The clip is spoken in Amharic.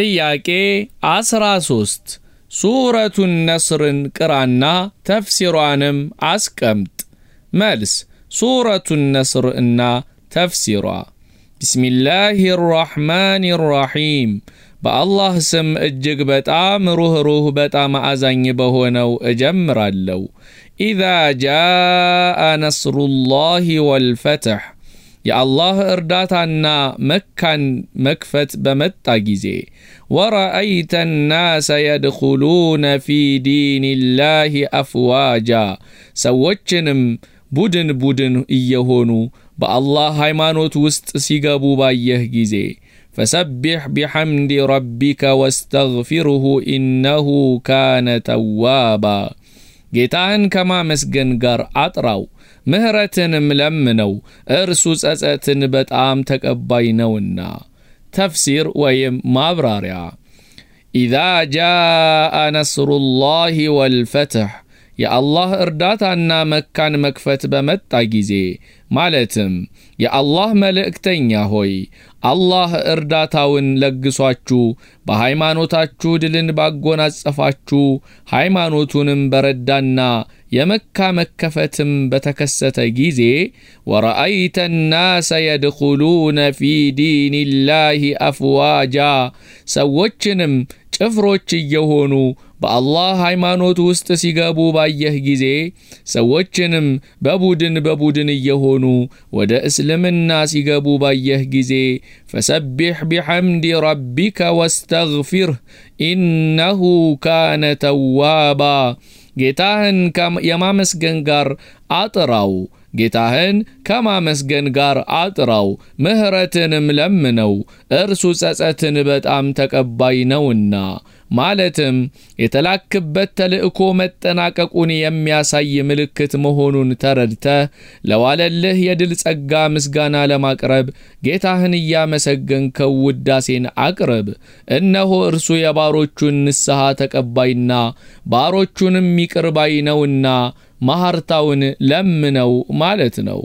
ጥያቄ 13 ሱረቱን ነስርን ቅራና ተፍሲሯንም አስቀምጥ። መልስ ሱረቱን ነስር እና ተፍሲሯ ቢስሚላህ ራሕማን ራሒም በአላህ ስም እጅግ በጣም ሩኅሩህ በጣም አዛኝ በሆነው እጀምራለሁ። ኢዛ ጃአ ነስሩላሂ ወልፈትሕ የአላህ እርዳታና መካን መክፈት በመጣ ጊዜ ወረአይተ ናሰ የድኹሉነ ፊ ዲንላህ አፍዋጃ ሰዎችንም ቡድን ቡድን እየሆኑ በአላህ ሃይማኖት ውስጥ ሲገቡ ባየህ ጊዜ ፈሰቢሕ ቢሐምድ ረቢከ ወስተግፊርሁ ኢነሁ ካነ ተዋባ ጌታን ከማመስገን ጋር አጥራው። ምህረትንም ለምነው፣ እርሱ ጸጸትን በጣም ተቀባይ ነውና። ተፍሲር ወይም ማብራሪያ ኢዛ ጃአ ነስሩላሂ ወልፈትሕ የአላህ እርዳታና መካን መክፈት በመጣ ጊዜ ማለትም የአላህ መልእክተኛ ሆይ አላህ እርዳታውን ለግሷችሁ በሃይማኖታችሁ ድልን ባጎናጸፋችሁ ሃይማኖቱንም በረዳና የመካ መከፈትም በተከሰተ ጊዜ ወረአይተ ናሰ የድኹሉነ ፊ ዲንላሂ አፍዋጃ ሰዎችንም ጭፍሮች እየሆኑ በአላህ ሃይማኖት ውስጥ ሲገቡ ባየህ ጊዜ ሰዎችንም በቡድን በቡድን እየሆኑ ወደ እስልምና ሲገቡ ባየህ ጊዜ ፈሰቢሕ ቢሐምድ ረቢከ ወስተግፊርህ ኢነሁ ካነ ተዋባ ጌታህን የማመስገን ጋር አጥራው ጌታህን ከማመስገን ጋር አጥራው፣ ምህረትንም ለምነው፣ እርሱ ጸጸትን በጣም ተቀባይ ነውና። ማለትም የተላክበት ተልእኮ መጠናቀቁን የሚያሳይ ምልክት መሆኑን ተረድተ ለዋለልህ የድል ጸጋ ምስጋና ለማቅረብ ጌታህን እያመሰገንከው ውዳሴን አቅርብ። እነሆ እርሱ የባሮቹን ንስሐ ተቀባይና ባሮቹንም ይቅርባይ ነውና መሐርታውን ለምነው ማለት ነው።